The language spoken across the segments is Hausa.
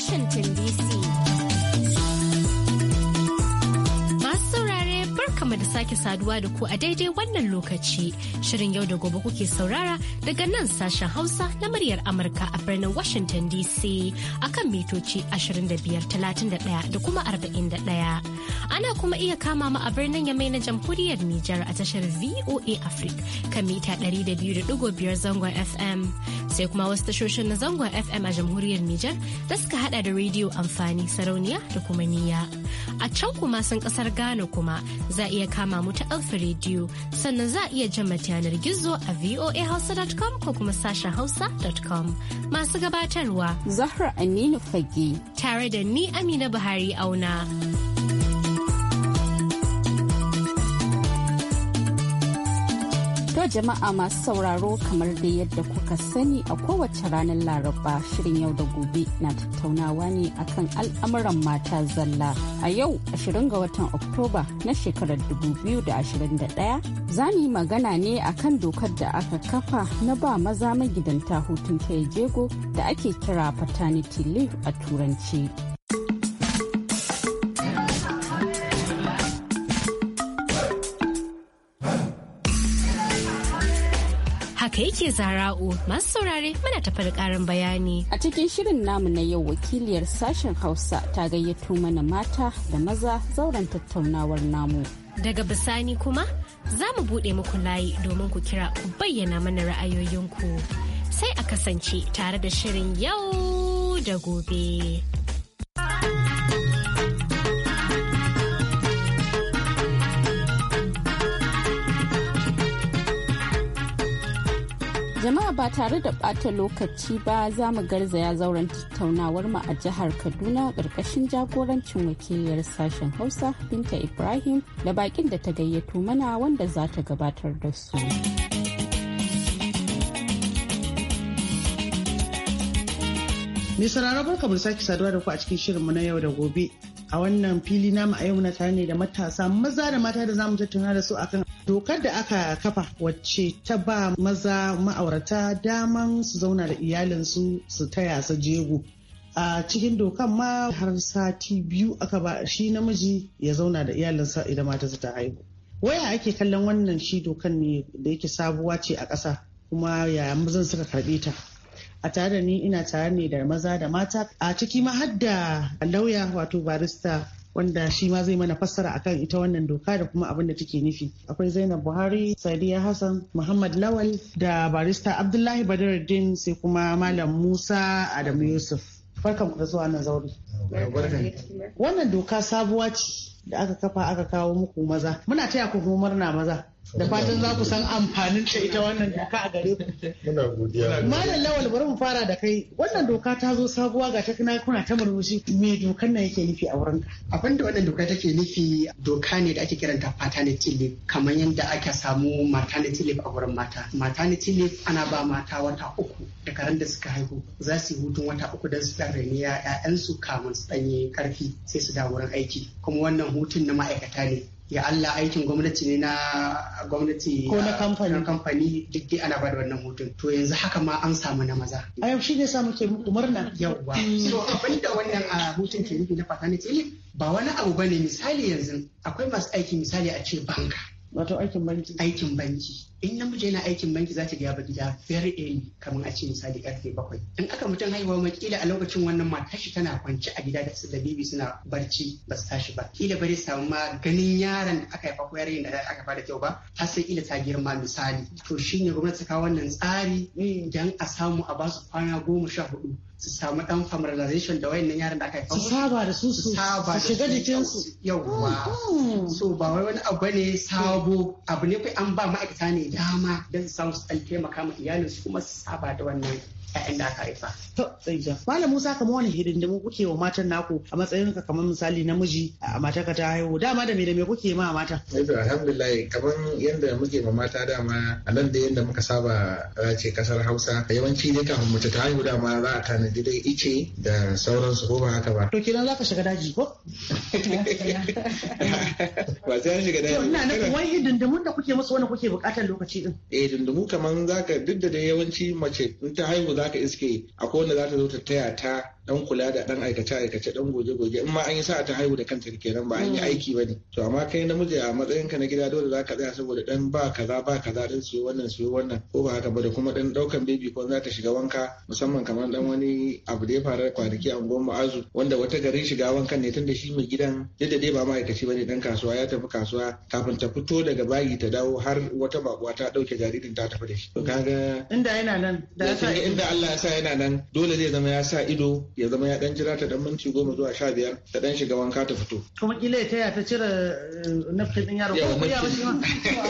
Washington DC. Masu saurare barkamu da sake saduwa da ku a daidai wannan lokaci. Shirin yau da gobe kuke saurara daga nan sashen Hausa na muryar Amurka a birnin Washington DC akan mitoci 25,31 da kuma 41. Ana kuma iya kama mu a birnin Yamai na jamhuriyar Nijar a tashar VOA Africa kan mita 200.5 zangon FM. sai kuma wasu tashoshin na zangon FM a jamhuriyar Nijar da suka hada da rediyo amfani sarauniya da kuma niyya. A can kuma sun kasar Ghana kuma za iya kama mu ta alfa rediyo sannan za iya jan mata yanar gizo a voahausa.com ko kuma sashen hausa.com. Masu gabatarwa Zahra Aminu Fage tare da ni Amina Buhari auna. To jama'a masu sauraro kamar da yadda kuka sani a kowace ranar Laraba shirin yau da gobe na tattaunawa ne akan al'amuran mata zalla. A yau 20 ga watan Oktoba na shekarar 2021 za mu yi magana ne akan dokar da aka kafa na ba maza magidanta hutun kai jego da ake kira paternity leave a turanci. kai yake zara'u masu saurare muna tafar karin bayani. A cikin shirin namu na yau wakiliyar sashen Hausa ta gayyato mana mata da maza zauren tattaunawar namu. Daga bisani kuma za mu buɗe muku layi domin ku kira ku bayyana mana ra'ayoyinku. Sai a kasance tare da shirin yau da gobe. jama'a ba tare da ɓata lokaci ba za mu garzaya zauren tattaunawar mu a jihar kaduna ƙarƙashin jagorancin wakiliyar sashen hausa binta ibrahim da bakin da ta gayyato mana wanda za ta gabatar da su mai sauraron barka mu sake saduwa da ku a cikin shirinmu na yau da gobe a wannan fili namu a yau na tare ne da matasa maza da mata da zamu tattauna da su akan dokar da aka kafa wacce ta ba maza ma'aurata daman su zauna da iyalinsu su taya su jego a cikin dokan ma har sati biyu aka ba shi namiji ya zauna da iyalinsa idan mata su ta haihu waya ake kallon wannan shi dokan ne da yake sabuwa ce a ƙasa kuma yaya mazan suka karɓe ta a tare da ni ina tare ne da maza da mata a ciki ma har lauya wato barista wanda shi ma zai mana fassara akan ita wannan doka da kuma abin da take nufi akwai zainab buhari sadiya hassan muhammad lawal da barista abdullahi badaruddin sai kuma malam musa adamu yusuf barkan ku da zuwa nan zauri wannan doka sabuwa ce da aka kafa aka kawo muku maza muna taya ku kuma murna maza da fatan za ku san amfanin ta ita wannan doka a gare ku. Muna godiya. Malam Lawal bari mu fara da kai wannan doka ta zo sabuwa ga ta kuna ta murmushi me dokan nan yake nufi a wurin ka. Abin da wannan doka take nufi doka ne da ake kiranta paternity leave kamar yadda aka samu maternity leave a wurin mata. Maternity leave ana ba mata wata uku da da suka haihu za su yi hutun wata uku don su dan raini ‘ya'yansu kamun su ɗanye karfi sai su da wurin aiki kuma wannan hutun na ma'aikata ne ya Allah aikin gwamnati ne na gwamnati ko na ah, kamfani kamfani duk dai ana bada wannan hutun to yanzu haka ma an samu na maza a yau shine sa muke muku murna yauwa so abinda wannan ah, hutun ke nufi na paternity leave ba wani abu bane misali yanzu akwai masu aiki misali a ce banka wato aikin banki aikin banki in namiji yana aikin banki za ta ga ba gida very early kamar a ce misali karfe bakwai in aka mutum haihuwa ma kila a lokacin wannan mata shi tana kwance a gida da su da bibi suna barci ba su tashi ba kila ba zai samu ma ganin yaron da aka haifa ko yaron da aka fara kyau ba har sai kila ta girma misali to shine gwamnati ta kawo wannan tsari dan a samu a basu kwana goma sha hudu su samu dan familiarization da wayannan yaran da aka haifa su saba da su su saba da shiga jikin su yauwa mm-hmm. so ba wai wani abu ne sabo abu ne kai an ba ma'aikata ne dama don samu su taimaka ma iyalinsu kuma su saba da wannan 'ya'yan da aka haifa. To, tsaija. Malam Musa kamar wani hidindimu kuke wa matan naku a matsayin ka kamar misali namiji a matar ka ta haihu dama da me da me kuke ma mata. Yanzu eh, alhamdulillah kamar yadda muke ma mata dama a nan da yadda muka saba ce kasar Hausa yawanci dai kafin mace ta haihu dama za a tanadi dai ice da sauransu ko ba haka ba. To kenan za ka shiga daji ko? Ba sai an shiga daji. To ina nufin wani hidindimun da kuke musu wani kuke bukatar lokaci din. Eh dindimu kamar za ka duk da yawanci mace in ta haihu za ka iske akwai wanda za ta zo ta taya ta dan kula da dan aikace aikace dan goge goge in ma an yi sa'a ta haihu da kanta kenan ba an yi mm. aiki bane to amma kai namiji a matsayin ka na gida dole za ka tsaya saboda dan ba kaza ba kaza dan su wannan su wannan ko ba haka ba da kuma dan daukan baby ko za ta shiga wanka musamman kamar dan wani abu da ya faru kwanaki a unguwar azu wanda wata garin shiga wankan ne tunda shi mai gidan yadda dai ba ma'aikaci bane dan kasuwa ya tafi kasuwa kafin ta fito daga bayi ta dawo har wata bakuwa ta dauke jaririn ta tafi da shi to kaga inda yana nan da inda Allah ya sa yana nan dole zai zama ya sa ido ya zama ya dan jira ta dan minti goma zuwa sha biyar ta dan shiga wanka ta fito. kuma kila ya taya ta cire eh, nafkin din yaro ko ya bashi ma.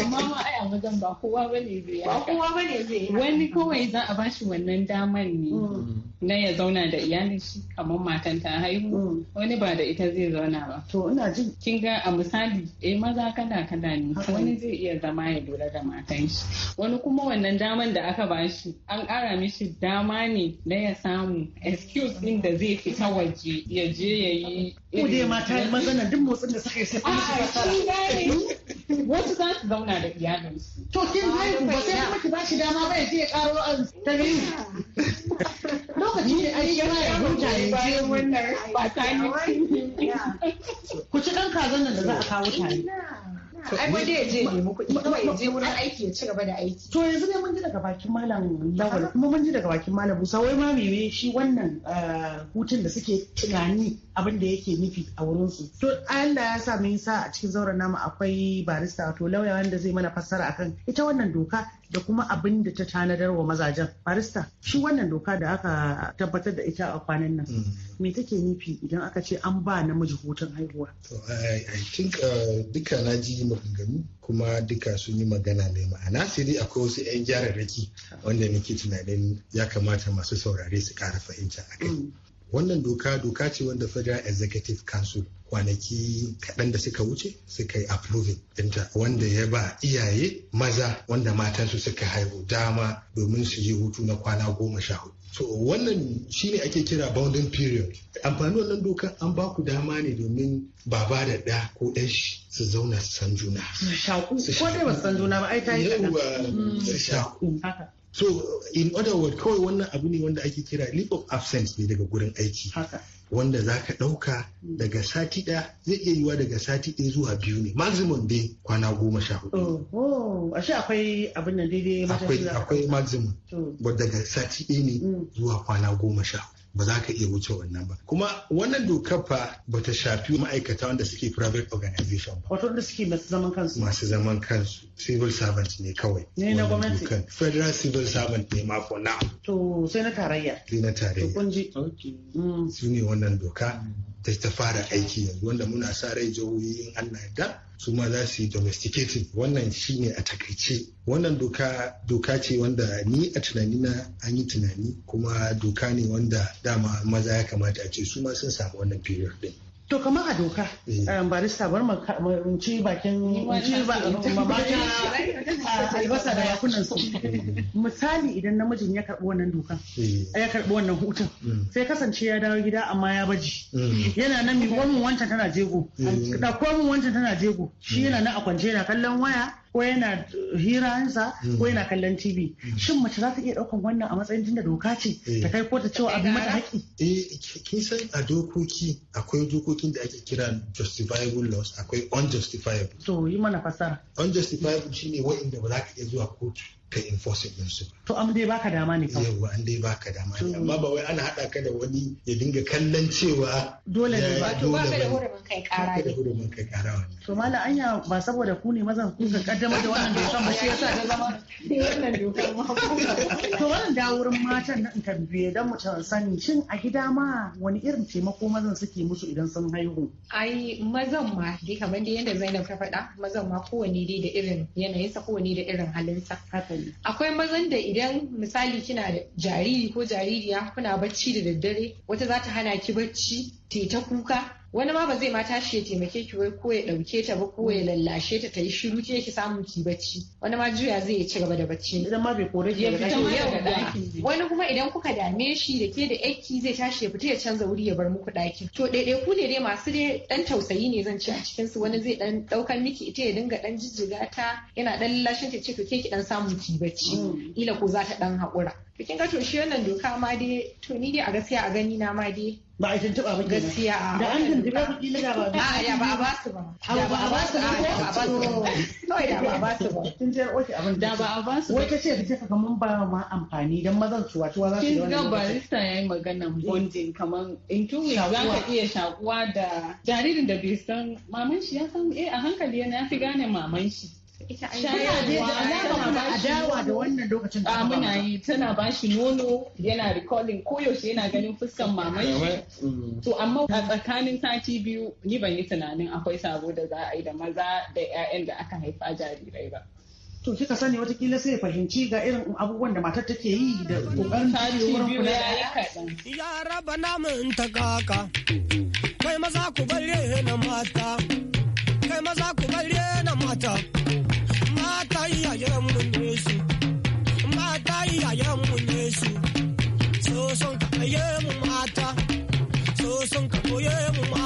amma ma ai a wajen ba kowa bane zai ba kowa ne zai wani kawai za a bashi wannan daman ne mm. na ya zauna da iyalin shi kamar matan ta haihu mm. wani ba da ita zai zauna ba. to ina jin. kin ga a misali eh maza kana kana ne wani zai iya zama ya lura da matan shi wani kuma wannan daman da aka bashi an kara mishi dama ne na ya samu excuse ne abin da zai fita waje ya je ya yi ko mata mazanan duk motsin da suka yi sai kuma su wasu za su zauna da iyalinsu to kin ku ba sai kuma ba dama ba ya je ya karo ta lokaci ne ai shi ya huta ya je wannan ba ta ni ku ci dan kazan nan da za a kawo tare ai aiki ya ci gaba da aiki to yanzu ne mun ji daga bakin malam lawal kuma mun ji daga bakin malam Musa wai ma me shi wannan eh, hutun da suke tunani abin da yake nufi a wurin su to Allah ya sa mun sa a cikin zauren namu akwai barista to lauya wanda zai mana fassara akan ita wannan doka da kuma abin da ta tanadar wa mazajen farista shi wannan doka da aka tabbatar da ita a kwanan nan mm. me take nufi idan aka ce an ba namiji hutun haihuwa to i think uh, duka na ji maganganu kuma duka sun yi magana mai ma'ana sai dai akwai wasu 'yan jararraki wanda nake tunanin ya kamata masu saurare su kara fahimta kai. Mm. wannan doka doka ce wanda federal executive council kwanaki kaɗan da suka wuce suka yi approving ɗinta wanda ya ba iyaye maza wanda matansu suka haihu dama domin su yi hutu na kwana goma sha hudu so wannan shi ne ake kira bounding period amfani wannan doka an ba ku dama ne domin baba da ɗa ko ɗashi su zauna su san juna su shaku ko dai ba san juna ba ai ta yi kaɗan su shaku so in other word kawai wannan abu ne wanda ake kira leave of absence ne daga gurin aiki wanda za ka ɗauka daga sati ɗaya zai iya yiwa daga sati ɗaya zuwa biyu ne maximum dai kwana goma sha hudu. Oh, ashe akwai abin da daidai akwai maximum daga sati ɗaya ne mm. zuwa kwana goma sha hudu. ba za ka iya wuce wannan ba kuma wannan dokar fa ba ta shafi ma'aikata wanda suke private organization ba wato da suke masu zaman kansu masu zaman kansu civil servant ne kawai ne na gwamnati federal civil servant ne ma for now to sai na tarayya sai na tarayya to kun ji su wannan doka mm. da ta fara aiki yanzu wanda muna sa rai jihohi in Allah yarda su ma za su yi domesticating wannan shi ne a takaice wannan doka doka ce wanda ni a tunani na an yi tunani kuma doka ne wanda dama maza ya kamata a ce su ma sun samu wannan period din To kamar a doka, eh. um, barista bar mu ci bakin albasa da bakunan su. Eh. Misali idan namijin ya karɓi wannan dokan, eh. ya karɓi wannan hutun, sai kasance ya dawo gida amma ya baji. Yana nan mi wancan tana jego, wancan tana jego, shi yana nan a kwance yana kallon waya, ko yana hiransa ko yana kallon tv shin mace za ta iya daukan wannan a matsayin tunda doka ce ta kai ko ta cewa abin mata haƙi eh kin san a dokoki akwai dokokin da ake kira justifiable laws akwai unjustifiable to yi mana fasara unjustifiable shine wa'inda ba za ka iya zuwa kotu ka enforcing din su to an dai baka dama ne kawai yawa an dai baka dama ne amma ba wai ana hada ka da wani ya dinga kallon cewa dole ne ba to baka da hurumin kai kara ne da hurumin kai kara wannan to mala anya ba saboda ku ne mazan ku ka kaddama da wannan dokan ba shi yasa da zama wannan dokar ma to wannan da wurin matan na in tambaye dan mu sani shin a gida ma wani irin taimako mazan suke musu idan sun haihu ai mazan ma dai kamar dai yadda Zainab ta faɗa mazan ma kowanne dai da irin yanayinsa kowanne da irin halinsa haka akwai mazan da idan misali kina da jariri ko jaririya kuna bacci da daddare wata za ta hana ki bacci ta kuka wani ma ba zai ma tashi ya taimake ki wai ko ya ɗauke ta ba ko ya lallashe ta ta yi shiru ke ki samu ki bacci wani ma juya zai ya ci gaba da bacci idan ma bai kore ki daga daki wani kuma idan kuka dame shi da ke da aiki zai tashi ya fita ya canza wuri ya bar muku daki to daidai ku ne dai masu dai dan tausayi ne zan ci a cikin su wani zai ɗan ɗaukan miki ita ya dinga ɗan jijjiga ta yana dan lallashin ta ce to ke ki dan samu ki bacci mm. ila ko za ta dan haƙura Bikin kin ga to shi wannan doka ma dai to ni dai a gaskiya a gani na ma dai ba a tuntuɓa ba gaskiya a da an tuntuɓa ba kila da ba a ba a ba su ba da ba a ba su ba da ba a ba su ba kawai ba a ba su ba tun je oke abin da ba a ba su wai kace ce ka mun ba ma amfani dan mazan cuwa cuwa za su yi wannan kin ga barista yayi maganan eh. bondin kaman in two za ka iya shakuwa da jaririn da bai san maman shi ya san eh a hankali yana ya fi gane maman shi adawa da wannan lokacin da muna yi tana ba shi nono yana recalling koyaushe yana ganin fuskan mamashi mm. to amma a tsakanin sati biyu ni ban yi tunanin akwai sabo da za a yi da maza da 'ya'yan da aka haifa jarirai ba to kika sani watakila sai fahimci ga irin abubuwan da matar take yi da kokarin tare wurin kula da ya raba namun ta kaka kai maza ku na mata kai maza ku na mata son ka mu mata so son ka koye mu mata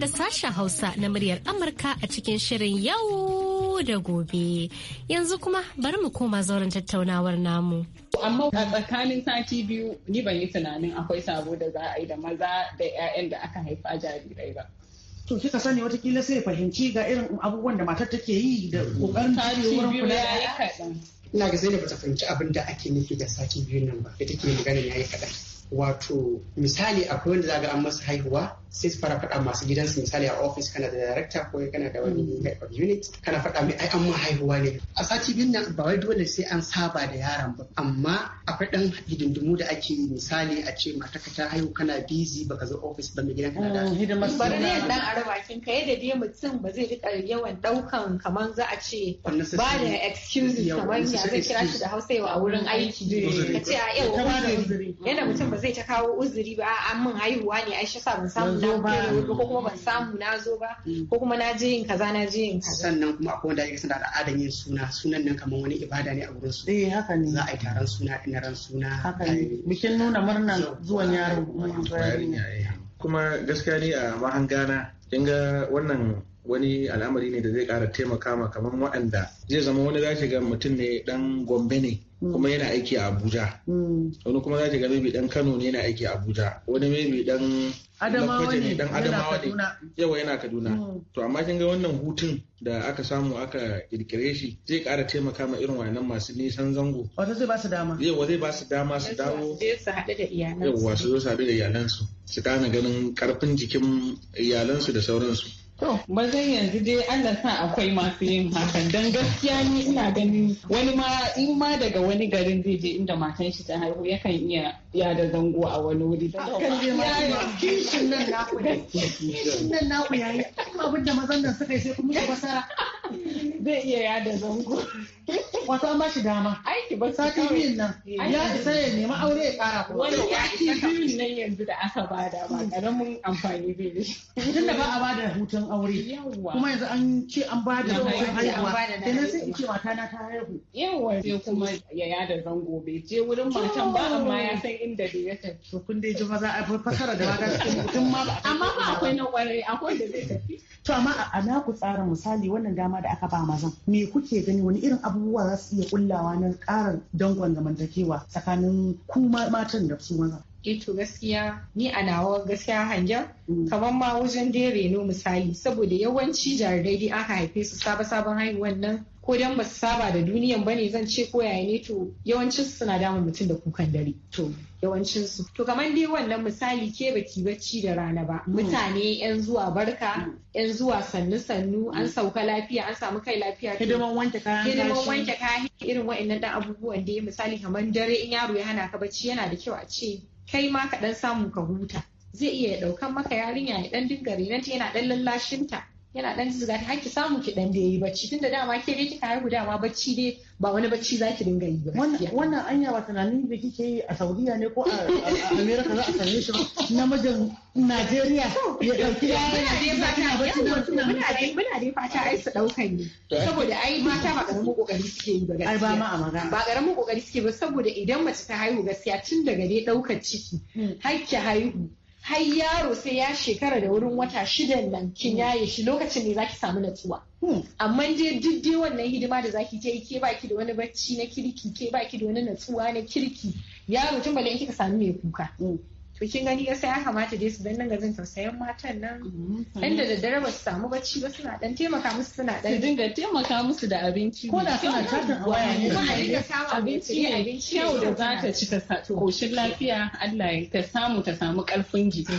da sashen Hausa na muryar Amurka a cikin shirin yau da gobe. Yanzu kuma bari mu koma zauren tattaunawar namu. Amma a tsakanin sati biyu ni ban yi tunanin akwai sabo da za a yi da maza da 'ya'yan da aka haifa jarirai ba. to kika sani watakila sai fahimci ga irin abubuwan da matar take yi da kokarin wurin kula da ina ga Zainab ta fahimci abin da ake nufi da sati biyu nan ba da take magana yi kaɗan wato misali akwai wanda za ga an masa haihuwa sai su fara faɗa masu gidansu misali a ofis kana da director ko kana da wani type mm. of unit kana faɗa mai ai an mun haihuwa ne a sati biyun nan ba wai dole sai an saba da yaron ba amma akwai ɗan hidindimu da ake misali a ce mata ka ta haihu kana busy baka zo ofis ba mai gidan kana da mm, hidimar bari ne dan araba kin ka yadda dai mutum ba zai rika yawan ɗaukan kamar za a ce ba da excuses kamar ya zai kira shi da hausa yau a wurin aiki ka ce a yau yana mutum ba zai ta kawo uzuri ba an mun haihuwa ne ai shi sa mun samu zo ba ko kuma ban samu na zo ba ko kuma na ji yin kaza na ji yin kaza sannan kuma akwai wanda ake suna da al'adar yin suna sunan nan kamar wani ibada ne a gurin su eh haka ne za a yi taron suna ina ran suna haka ne bikin nuna murnar zuwan yaro eh. kuma gaskiya ne a mahangana kin ga wannan wani al'amari ne da zai kara taimaka ma kamar waɗanda zai zama wani zaki ga mutum ne dan gombe ne kuma yana aiki a abuja mm. wani kuma za ta ga maybe dan kano ne yana aiki a abuja wani maybe dan adamawa ne dan adamawa ne yawa yana kaduna mm. to amma kin ga wannan hutun da aka samu aka kirkire shi zai kara taimaka ma irin wayannan masu nisan zango wato zai ba su dama yawa zai ba su dama su dawo su haɗu da iyalansu yawa su zo su haɗu da iyalansu su kana ganin karfin jikin iyalansu da sauransu To, ba zan yanzu dai Allah sa akwai masu yin hakan don gaskiya ni ina ganin wani ma in ma daga wani garin zai je inda matan shi ta haihu yakan iya ya da zango a wani wuri. Kishin nan naku yayi, kishin nan naku yayi, abin da mazan nan suka yi sai kuma su fasara. Zai iya ya da zango. wato an bashi dama aiki ba sati biyun nan ya isa ya nemi aure ya kara kuma wani ya isa biyun nan yanzu da aka ba bada ba karamin hmm. amfani bai da shi hmm. tun da ba a ba da hutun aure kuma yanzu an ce an ba da hutun haihuwa kenan sai in ce mata na ta haihu yawa sai kuma ya yada zango bai je wurin matan ba amma ya san inda da ya tafi to kun dai ji maza a fasara da mata cikin mutum ma ba amma ba akwai na kwarai akwai da zai tafi to amma a naku tsara misali wannan dama da aka ba mazan me kuke gani wani irin abu abubuwa za su iya kullawa na ƙarin dangon zamantakewa tsakanin ku matan da su maza Eto eh gaskiya ni a nawa gaskiya hangen mm. kamar ma wajen dere reno misali saboda yawanci jarirai dai aka haife su saba sabon haihuwan nan ko dan ba su saba da duniyan ne zan ce ko yaya ne to yawancin su suna damun mutum da kukan dare to yawancin su to kamar dai wannan misali ke baki bacci da rana ba mm. mutane yan zuwa barka mm. yan zuwa sannu sannu an mm. sauka lafiya an samu kai lafiya hidiman wanke kayan hidiman wanke kayan irin wa'annan dan abubuwan da misali kamar dare in yaro ya hana ka bacci yana da kyau a ce kai ma ka dan samu ka huta zai iya daukan maka yarinya ya dan dinga renanta yana dan lallashinta yana dan zuga ta haki samu ki dan da yi bacci tunda dama ke dai kika haihu dama bacci dai ba wani bacci za ki dinga yi ba wannan anya ba tunanin da kike yi a Saudiya ne ko a America za a same shi namijin Najeriya ya dauki yana dai fata bacci da muna dai muna dai fata ai su daukan ne saboda ai mata ba karamin kokari suke yi ba gaskiya ai ba ma a magana ba karamin kokari suke ba saboda idan mace ta haihu gaskiya tun daga dai daukar ciki hmm. har ki haihu har yaro sai ya shekara da wurin wata shida nan kin yaye shi lokacin ne zaki samu natsuwa hmm. amma dai duk dai wannan hidima da zaki je ke baki da wani bacci na kirki ke baki da wani natsuwa na kirki yaro tun bale kika samu mai kuka hmm. to kin gani sai ya kamata dai su dan dinga jin tausayin matan nan mm-hmm. dan da daddare ba su samu bacci ba suna dan taimaka musu suna dan dinga taimaka musu da abinci ko da suna tarin waya ne kuma a abinci ne kyau da za ta ci ta koshin lafiya Allah ya ta samu ta samu karfin jiki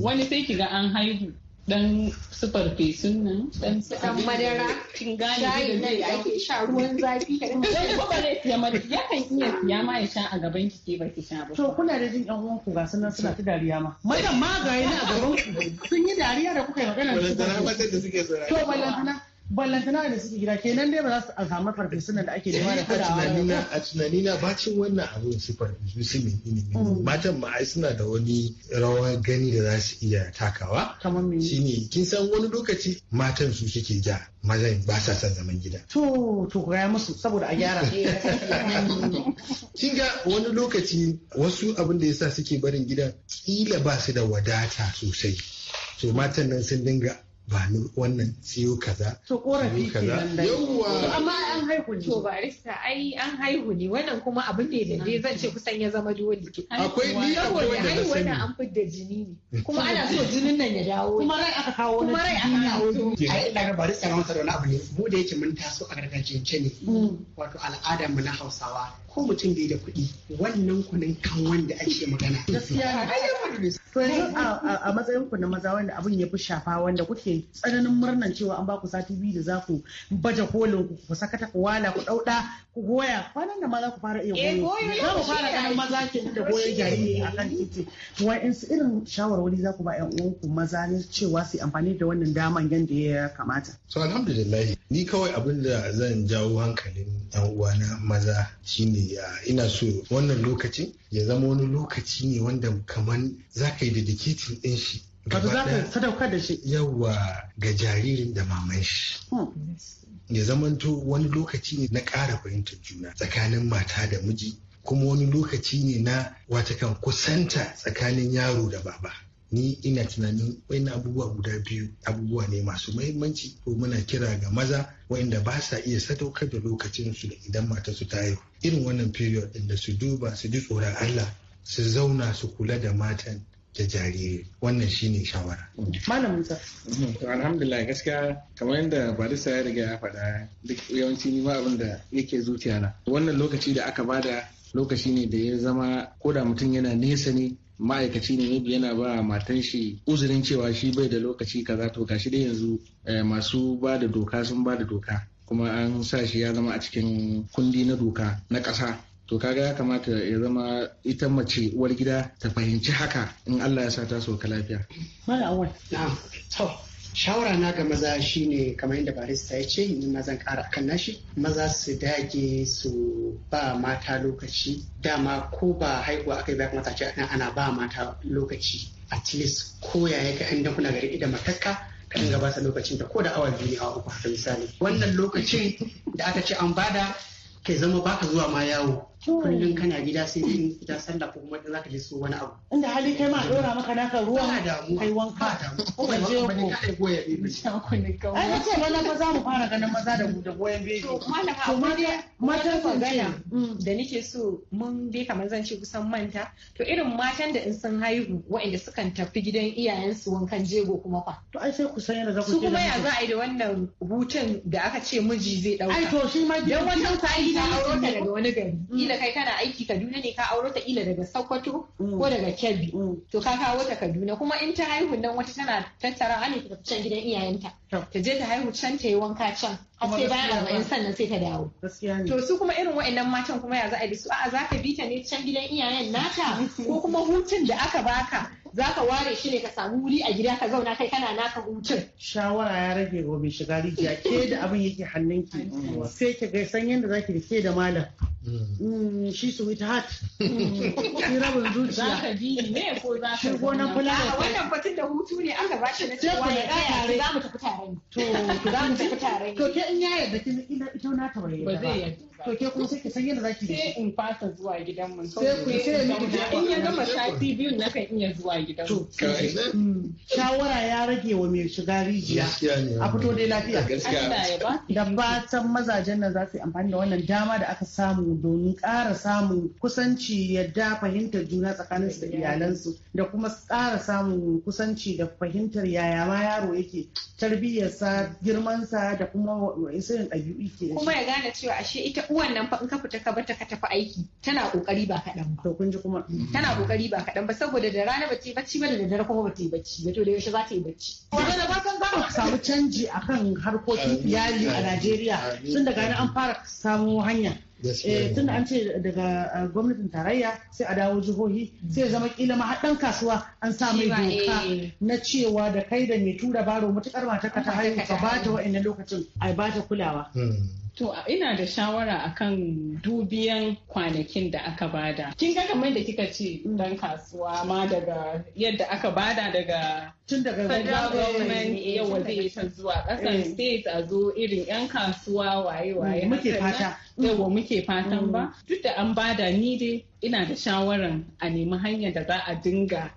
wani sai kiga an haihu dan su farfesun nan dan su madara tingani shayi nan da ake sha ruwan zafi ka ko ba ko ya siya ya kan iya ya ma ya sha a gaban ki ke ki sha ba to kuna da jin ɗan uwan ku ga sunan suna ta dariya ma madan ma ga yana a gaban ku sun yi dariya da kuka yi magana da su to balantana ballantana da suke gida kenan dai ba za su samu farfesunan da ake nema da eh, fadawa a tunanina bacin wannan abin su farfesu su mai ilimi mm. matan ma suna da wani rawa gani da za su iya takawa shine kin san wani lokaci matan su suke ja mazan ba sa son zaman gida to to ga musu saboda a gyara kin ga wani lokaci wasu abin da yasa suke barin gida kila ba su da wadata sosai to matan nan sun dinga ba ni wannan ciwo kaza to korafi kenan da yawa amma an haihu ne to barista ai an haihu ne wannan kuma abin ne da dai zan ce kusan ya zama dole akwai ni akwai wanda na sani an fidda jini ne hmm. kuma ana so jinin nan ya dawo kuma rai aka kawo kuma rai aka kawo ai ina ga barista ga masa wani abu ne mu da yake mun taso a gargajiyance ne hmm. wato al'ada mu na Hausawa ko mutum bai da kuɗi wannan kunin kan wanda ake magana gaskiya to yanzu a matsayin ku na maza wanda abin ya fi shafa wanda kuke tsananin murnan cewa an baku sati biyu da za ku baje kolin ku ku sakata ku wala ku dauda ku goya kwanan da ma za ku fara iya eh, goyo za ku fara ganin maza ke da goyon jariri a kan titi su irin shawarwari za ku ba yan uwanku maza ne cewa su amfani da wannan daman yanda ya kamata. so alhamdulillah ni kawai abin da zan jawo hankalin yan uwana maza shine ina so wannan lokacin ya zama wani lokaci ne wanda kamar za ka yi dedicating din shi Wato za ka sadaukar da shi. yawa ga jaririn da maman shi. Hmm. Ya zamanto wani lokaci ne na ƙara fahimtar juna tsakanin mata da miji kuma wani lokaci ne na wata kan kusanta tsakanin yaro da baba. Ni ina tunanin wani abubuwa guda biyu abubuwa ne masu mahimmanci ko muna kira ga maza wainda ba sa iya sadaukar da lokacinsu da idan matarsu ta haihu. Irin wannan period ɗin da su duba su ji tsoron Allah su zauna su kula da matan da jariri wannan shine shawara. Malam Musa. Mm-hmm. Alhamdulillah gaskiya kamar yadda barista ya riga ya faɗa duk yawanci ni ma abin da yake zuciya na. Wannan lokaci da aka bada lokaci ne da ya zama koda mutum yana nesa ne ma'aikaci ne maybe yana ba matan shi uzurin cewa shi bai da lokaci kaza to gashi dai yanzu eh, masu ba da doka sun ba da doka kuma an sa shi ya zama a cikin kundi na doka na ƙasa to kaga ya kamata ya zama ita mace uwar gida ta fahimci haka in Allah ya sa ta sauka lafiya. To shawara na ga maza shine kamar yadda barista ya ce ni mazan kara akan nashi maza su dage su ba mata lokaci dama ko ba haihuwa aka yi ba kamata ce ana ba mata lokaci at least ko ya ga inda kuna gari da matakka dinga gaba sa lokacin da ko da awa biyu ne awa uku haka misali wannan lokacin da aka ce an bada kai zama baka zuwa ma yawo kullum kana gida sai in fita sallah ko kuma za ka je so wani abu inda hali kai ma dora maka naka ruwa kai wanka ko ba je ko ai na ce wannan fa za mu fara ganin maza da da goyen bebi to malama matan gaya mm, da nake so mun bi kamar zan ce kusan manta to irin matan da in sun haihu waɗanda sukan tafi gidan iyayensu wankan jego kuma fa to ai sai ku san yadda za ku su kuma ya za a yi da wannan hutun da aka ce miji zai dauka ai to shi ma dan wannan sai yi aure daga wani gari mm. kila kai kana aiki Kaduna ne ka auro ta kila daga Sokoto mm. ko daga Kebbi mm. to ka kawo ta Kaduna kuma in ta haihu nan wata tana tattara ani ta can gidan iyayenta ta je ta haihu can ta yi wanka can har sai bayan arba'in sannan sai ta dawo to su kuma irin wa'annan matan kuma ya za a su a'a zaka bi ta ne can gidan iyayen nata ko kuma hutun da aka baka zaka ware shi ne ka samu wuri a gida ka zauna kai kana naka hutun. Shawara ya rage gobe shiga rijiya ke da abin yake hannunki mm. sai ki ga san yadda zaki da ke da malam Mm, shi sweetheart shi mm. rabin zuciya za ka bi ne ko za ka shi gonan fulawa wannan batun da hutu ne aka ba shi na cewa ya kaya za mu tafi tare to za mu tafi tare to ke in ya yarda kin ina ita na tawaye ba zai yarda to ke kuma sai ki san yadda zaki sai in fasa zuwa gidan sai ku sai mu in ya gama sati biyu na kan iya zuwa gidan to mm, shawara ya rage wa mai shiga rijiya a fito dai lafiya da fatan mazajen nan za su yi amfani da wannan dama da aka samu domin ƙara samun kusanci yadda fahimtar juna tsakaninsu da iyalansu da kuma ƙara samun kusanci da fahimtar yaya ma yaro yake tarbiyyarsa girmansa da kuma irin ɗabi'u ke kuma ya gane cewa ashe ita uwan nan fa in ka fita ka ta ka tafi aiki tana kokari ba kaɗan ba to kun ji kuma tana kokari ba kaɗan ba saboda da rana bace bacci ba da dare kuma ba ta yi bacci ba to da yaushe za ta yi bacci wanda da san ka samu canji akan harkokin iyali a Najeriya tun daga nan an fara samu hanya eh, tun da an ce daga eh, gwamnatin tarayya sai a dawo jihohi sai zama kila mahaɗan kasuwa an samu doka eh. na cewa da kai da mai tura baro matukar matakata ta haihu ka ta wa'in lokacin a bata kulawa hmm. To ina da shawara akan dubiyan kwanakin da aka bada. Kin ga kamar da kika ce mm. dan kasuwa ma daga yadda aka bada daga tun daga government eh, yawa zai ta zuwa kasan mm. state a zo irin yan kasuwa waye waye. Mm, muke fata. Yawa muke fatan ba. Duk da an bada ni dai ina da shawaran a nemi hanyar da za a dinga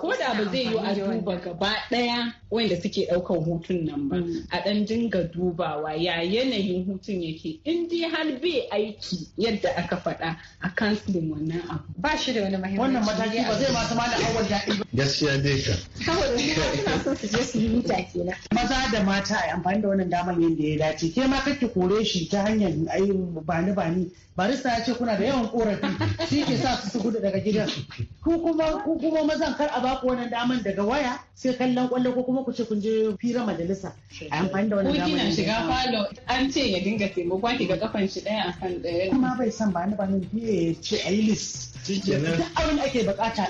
ko da ba zai yi a duba gaba daya wanda suke daukar hutun nan ba mm. a dan dinga dubawa ya yanayin hutun yake in dai har bai aiki yadda aka faɗa a kansilin wannan abu ba shi da wani mahimmanci wannan mataki ba zai masu mana awon daɗi ba gaskiya dai ka saboda ina so su je su yi huta kenan maza da mata a amfani da wannan damar yadda ya dace ke ma kake kore shi ta hanyar ayi bani bani barista ya ce kuna da yawan korafi ke sa su gudu daga gidan ku kuma ku kuma mazan kar a baku wannan daman daga waya sai kallon kwallo ko kuma ku ce kun je fira majalisa a amfani da wannan daman kina shiga falo an ce ya dinga taimakon ki ga kafan shi daya akan daya kuma bai san ba ni ba ni biye ce ayi list duk abin da ake bukata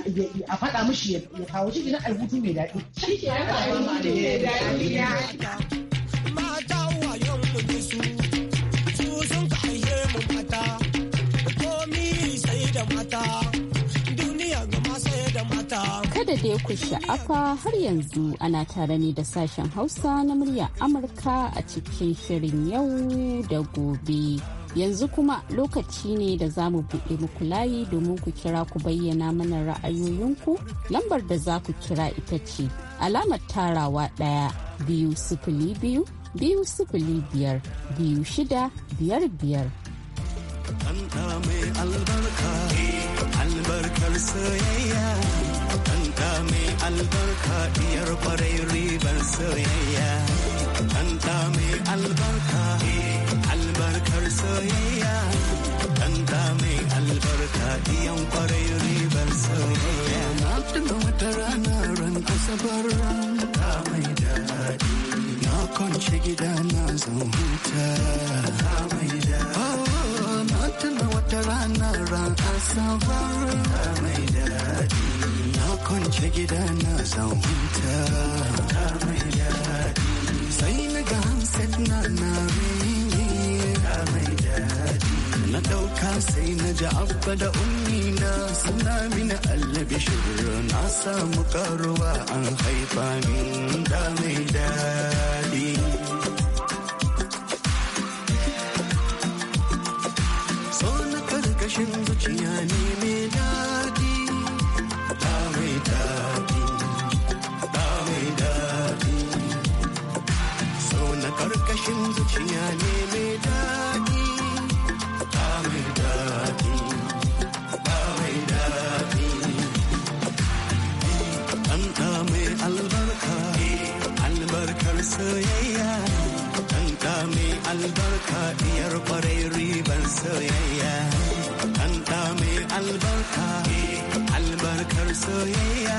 a faɗa mishi ya kawo shi kenan ai mai daɗi shikenan ai hutu mai daɗi ya ya ku sha'afa har yanzu ana tare ne da sashen Hausa na murya Amurka a cikin shirin yau da gobe. Yanzu kuma lokaci ne da za mu buɗe muku layi domin ku kira ku bayyana mana ra'ayoyinku. Lambar da za ku kira ita ce alamar tarawa ɗaya biyu sifili biyu biyu sifili biyar biyu shida biyar biyar. Kanta mai albarka, albarkar soyayya. Ɗanɗa mai albarka diyar kwarai ribar soyayya. Ɗanɗa mai albarka albarkar soyayya. Ɗanɗa mai albarka diyan kwarai ribar soyayya. Na tuna wata rana ran asabar ta mai daɗi. Na kwance gida na zan huta. Ta mai daɗi. Oh, na tuna wata rana ran asabar ta mai daɗi. kwance gida na zan huta sai na ga hamset na na na ɗauka sai na ji abba da ummi na suna mini allabi shiru na samu karuwa an haifa min da mai daɗi kashin zuciya ne soyayya an mai albarka albarkar soyayya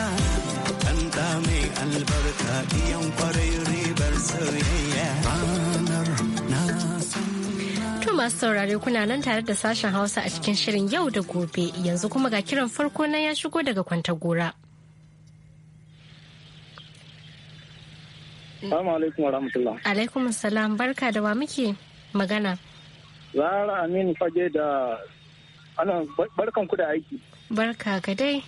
an mai albarka ɗiyan kwarai ribar soyayya ranar na masu saurare kuna nan tare da sashen Hausa a cikin shirin yau da gobe yanzu kuma ga kiran farko na ya shigo daga Kwantagora. Salamu alaikum wa rahmatullah. Alaikum salam barka da wa muke magana. zara Aminu fage da ana barkan ku da aiki. Barka ka dai.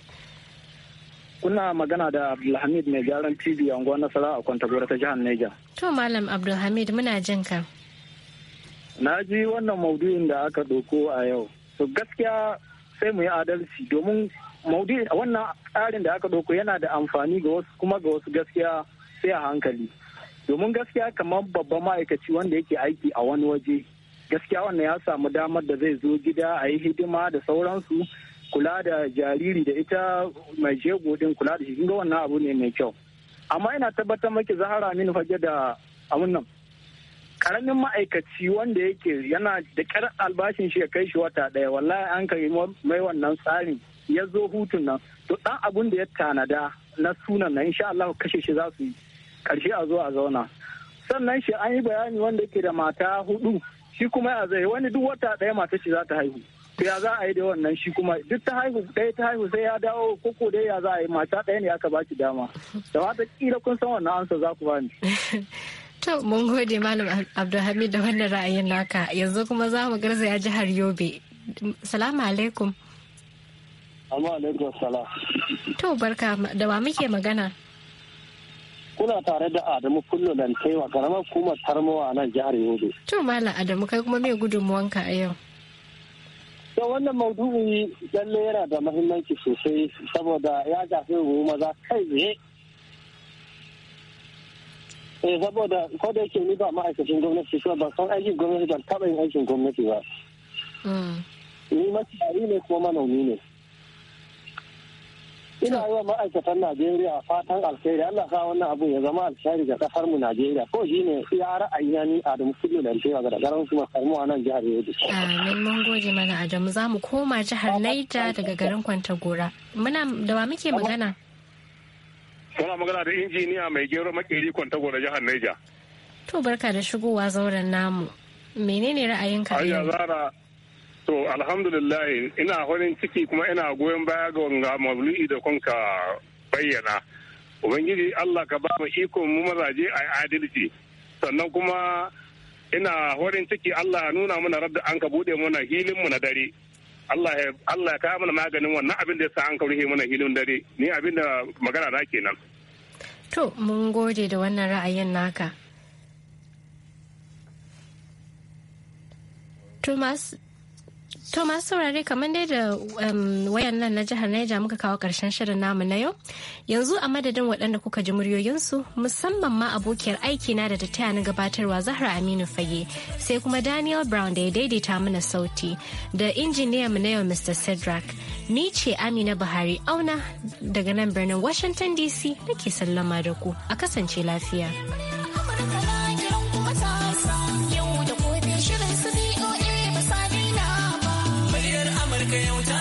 Kuna magana da Abdulhamid mai gyaran TV a unguwar Nasara a Kwantagora ta jihar Neja. To Malam Abdulhamid muna jin ka. Na ji wannan maudu'in da aka doko a yau. To gaskiya sai mu yi adalci domin maudu'in wannan tsarin da aka doko yana da amfani ga wasu kuma ga wasu gaskiya sai a hankali. Domin gaskiya kamar babban ma'aikaci wanda yake aiki a wani waje gaskiya wannan ya samu damar da zai zo gida a yi hidima da sauransu kula da jariri da ita mai jego din kula da shi ga wannan abu ne mai kyau amma ina tabbatar maki zahara min fage da abun nan karamin ma'aikaci wanda yake yana da kar albashin shi ya kai shi wata daya wallahi an kai mai wannan tsarin ya zo hutun nan to dan abun da ya tanada na sunan nan insha Allah kashe shi za su yi karshe a zo a zauna sannan shi an yi bayani wanda yake da mata hudu shi kuma ya zai wani duk wata ɗaya mata shi za ta haihu to ya za a yi da wannan shi kuma duk ta haihu ɗaya ta haihu sai ya dawo koko dai ya za a yi mata ɗaya ne aka baki dama da wata kila kun san wannan ansa za ku bani to mun gode malam abdulhamid da wannan ra'ayin naka yanzu kuma za mu garzaya jihar yobe salamu alaikum Amma alaikum salam. To barka da wa muke magana? kuna tare da Adamu Fullo Lantewa karamar hukumar Tarmawa nan jihar Yobe. To Malam Adamu kai kuma me gudunmuwanka a yau? To wannan maudu'i lalle yana da mahimmanci sosai saboda ya shafi mu maza kai tsaye. Eh saboda ko da yake ni ba ma'aikacin gwamnati ko ba san aikin gwamnati ba taɓa yin aikin gwamnati ba. Mm. Ni ma yi ne kuma manomi ne. ina yi wa ma'aikatan najeriya fatan alkhairi allah sa wannan abu ya zama alkhairi ga kasar mu najeriya ko shi ne ya ra'ayi na ni adamu kudu da rufewa ga dagaran su masarmu a nan jihar yobe. amin mun gode mana adamu za mu koma jihar naija daga garin kwantagora muna da wa muke magana. muna magana da injiniya mai gero makeri kwantagora jihar naija. to barka da shigowa zauren namu menene ra'ayinka a yau. To alhamdulillah ina farin ciki kuma ina goyon baya ga wanga mablu'i da kunka bayyana. Ubangiji Allah ka ba mu ikon mu mazaje a adalci. Sannan kuma ina farin ciki Allah ya nuna mana rabda an ka bude mana hilin mu na dare. Allah ya Allah ka mana maganin wannan abin da yasa an ka rufe mana hilin dare. Ni abin da magana na kenan. To mun gode da wannan ra'ayin naka. To To masu saurare kamar dai da wayan nan na jihar Niger muka kawo karshen shirin namu na yau. Yanzu a madadin waɗanda kuka ji muryoyinsu musamman ma abokiyar aiki na da ta taya ni gabatarwa Zahra Aminu Fage sai kuma Daniel Brown da ya daidaita mana sauti da injiniya mu na yau Mr. Cedric. Ni ce Amina Buhari auna daga nan birnin Washington DC nake sallama da ku a kasance lafiya. que